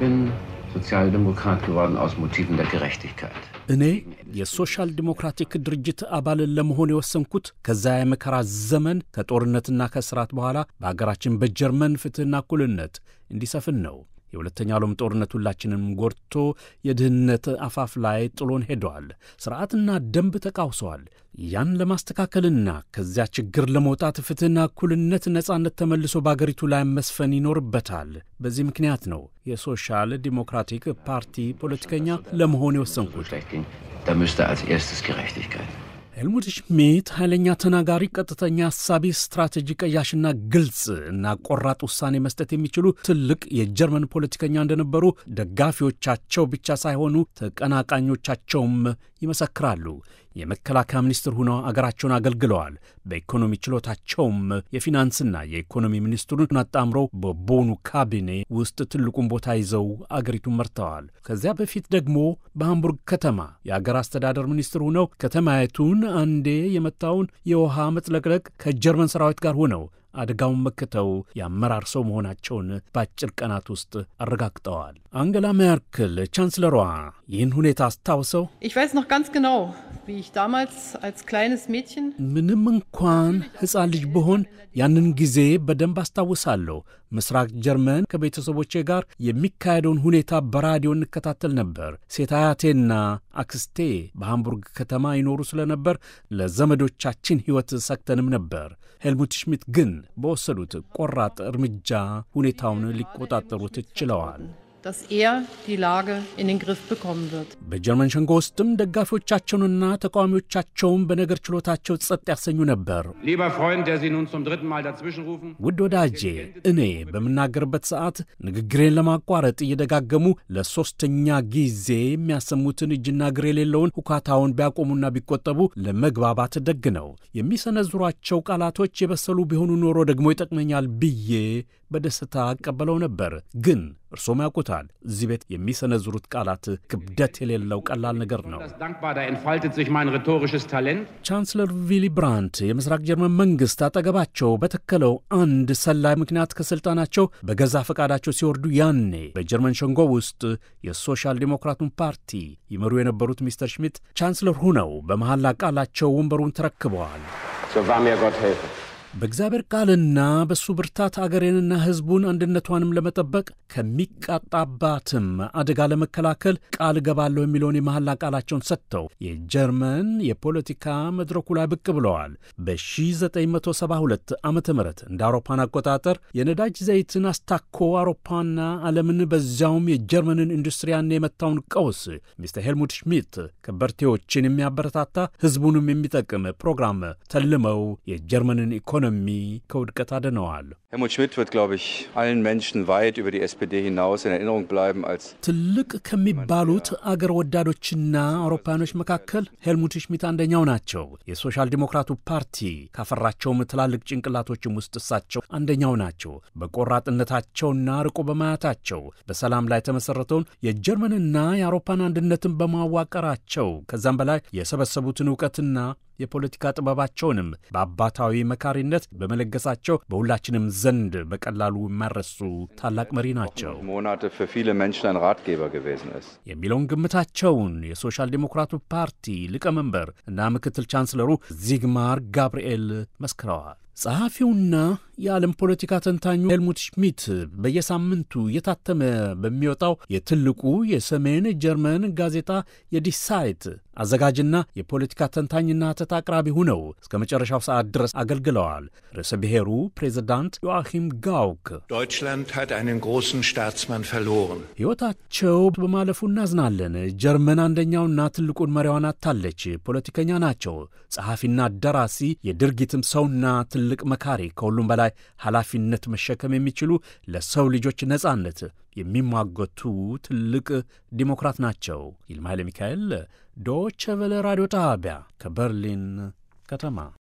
bin Sozialdemokrat geworden aus Motiven der Gerechtigkeit። እኔ የሶሻል ዲሞክራቲክ ድርጅት አባል ለመሆን የወሰንኩት ከዛ የመከራ ዘመን ከጦርነትና ከስርዓት በኋላ በሀገራችን በጀርመን ፍትህና እኩልነት እንዲሰፍን ነው። የሁለተኛው ዓለም ጦርነት ሁላችንም ጎድቶ የድህነት አፋፍ ላይ ጥሎን ሄደዋል። ሥርዓትና ደንብ ተቃውሰዋል። ያን ለማስተካከልና ከዚያ ችግር ለመውጣት ፍትሕና እኩልነት፣ ነጻነት ተመልሶ በአገሪቱ ላይ መስፈን ይኖርበታል። በዚህ ምክንያት ነው የሶሻል ዲሞክራቲክ ፓርቲ ፖለቲከኛ ለመሆን የወሰንኩት። ሄልሙት ሽሚት ኃይለኛ ተናጋሪ፣ ቀጥተኛ አሳቢ ስትራቴጂ ቀያሽና ግልጽ እና ቆራጥ ውሳኔ መስጠት የሚችሉ ትልቅ የጀርመን ፖለቲከኛ እንደነበሩ ደጋፊዎቻቸው ብቻ ሳይሆኑ ተቀናቃኞቻቸውም ይመሰክራሉ። የመከላከያ ሚኒስትር ሆነው አገራቸውን አገልግለዋል። በኢኮኖሚ ችሎታቸውም የፊናንስና የኢኮኖሚ ሚኒስትሩን አጣምረው በቦኑ ካቢኔ ውስጥ ትልቁን ቦታ ይዘው አገሪቱን መርተዋል። ከዚያ በፊት ደግሞ በሃምቡርግ ከተማ የአገር አስተዳደር ሚኒስትር ሆነው ከተማየቱን አንዴ የመታውን የውሃ መጥለቅለቅ ከጀርመን ሰራዊት ጋር ሆነው አደጋውን መክተው የአመራር ሰው መሆናቸውን በአጭር ቀናት ውስጥ አረጋግጠዋል። አንገላ ሜርክል ቻንስለሯ ይህን ሁኔታ አስታውሰው ምንም እንኳን ሕፃን ልጅ ብሆን ያንን ጊዜ በደንብ አስታውሳለሁ። ምስራቅ ጀርመን ከቤተሰቦቼ ጋር የሚካሄደውን ሁኔታ በራዲዮ እንከታተል ነበር። ሴት አያቴና አክስቴ በሃምቡርግ ከተማ ይኖሩ ስለነበር ለዘመዶቻችን ሕይወት ሰክተንም ነበር። ሄልሙት ሽሚት ግን በወሰዱት ቆራጥ እርምጃ ሁኔታውን ሊቆጣጠሩት ችለዋል። dass er die Lage in den Griff bekommen wird. በጀርመን ሸንጎ ውስጥም ደጋፊዎቻቸውንና ተቃዋሚዎቻቸውን በነገር ችሎታቸው ጸጥ ያሰኙ ነበር። ውድ ወዳጄ፣ እኔ በምናገርበት ሰዓት ንግግሬን ለማቋረጥ እየደጋገሙ ለሶስተኛ ጊዜ የሚያሰሙትን እጅና እግር የሌለውን ሁካታውን ቢያቆሙና ቢቆጠቡ ለመግባባት ደግ ነው። የሚሰነዝሯቸው ቃላቶች የበሰሉ ቢሆኑ ኖሮ ደግሞ ይጠቅመኛል ብዬ በደስታ አቀበለው ነበር ግን እርሶም ያውቁታል። እዚህ ቤት የሚሰነዝሩት ቃላት ክብደት የሌለው ቀላል ነገር ነው። ቻንስለር ቪሊ ብራንት የምስራቅ ጀርመን መንግስት አጠገባቸው በተከለው አንድ ሰላይ ምክንያት ከስልጣናቸው በገዛ ፈቃዳቸው ሲወርዱ ያኔ በጀርመን ሸንጎ ውስጥ የሶሻል ዲሞክራቱን ፓርቲ ይመሩ የነበሩት ሚስተር ሽሚት ቻንስለር ሁነው በመሐላ ቃላቸው ወንበሩን ተረክበዋል። በእግዚአብሔር ቃልና በእሱ ብርታት አገሬንና ሕዝቡን አንድነቷንም ለመጠበቅ ከሚቃጣባትም አደጋ ለመከላከል ቃል እገባለሁ የሚለውን የመሐላ ቃላቸውን ሰጥተው የጀርመን የፖለቲካ መድረኩ ላይ ብቅ ብለዋል። በ1972 ዓ ም እንደ አውሮፓን አቆጣጠር የነዳጅ ዘይትን አስታኮ አውሮፓና ዓለምን በዚያውም የጀርመንን ኢንዱስትሪያን የመታውን ቀውስ ሚስተር ሄልሙት ሽሚት ከበርቴዎችን የሚያበረታታ ሕዝቡንም የሚጠቅም ፕሮግራም ተልመው የጀርመንን ኢኮ ኢኮኖሚ ከውድቀት አድነዋል Helmut Schmidt wird, glaube ich, allen Menschen weit über die SPD hinaus in Erinnerung bleiben als ትልቅ ከሚባሉት አገር ወዳዶችና አውሮፓውያኖች መካከል ሄልሙት ሽሚት አንደኛው ናቸው። የሶሻል ዲሞክራቱ ፓርቲ ካፈራቸውም ትላልቅ ጭንቅላቶችም ውስጥ እሳቸው አንደኛው ናቸው። በቆራጥነታቸውና ርቆ በማያታቸው በሰላም ላይ ተመሠረተውን የጀርመንና የአውሮፓን አንድነትን በማዋቀራቸው ከዛም በላይ የሰበሰቡትን እውቀትና የፖለቲካ ጥበባቸውንም በአባታዊ መካሪነት በመለገሳቸው በሁላችንም ዘንድ በቀላሉ የማይረሱ ታላቅ መሪ ናቸው የሚለውን ግምታቸውን የሶሻል ዴሞክራቱ ፓርቲ ሊቀመንበር እና ምክትል ቻንስለሩ ዚግማር ጋብርኤል መስክረዋል። ጸሐፊውና የዓለም ፖለቲካ ተንታኙ ሄልሙት ሽሚት በየሳምንቱ እየታተመ በሚወጣው የትልቁ የሰሜን ጀርመን ጋዜጣ የዲሳይት አዘጋጅና የፖለቲካ ተንታኝና ተት አቅራቢ ሁነው እስከ መጨረሻው ሰዓት ድረስ አገልግለዋል። ርዕሰ ብሔሩ ፕሬዚዳንት ዮአኪም ጋውክ ሕይወታቸው በማለፉ እናዝናለን። ጀርመን አንደኛውና ትልቁን መሪዋን አታለች። ፖለቲከኛ ናቸው፣ ጸሐፊና ደራሲ፣ የድርጊትም ሰውና ትል ትልቅ መካሪ፣ ከሁሉም በላይ ኃላፊነት መሸከም የሚችሉ ለሰው ልጆች ነጻነት የሚሟገቱ ትልቅ ዲሞክራት ናቸው። ይልማ ኃይለ ሚካኤል ዶቸ ቨለ ራዲዮ ጣቢያ ከበርሊን ከተማ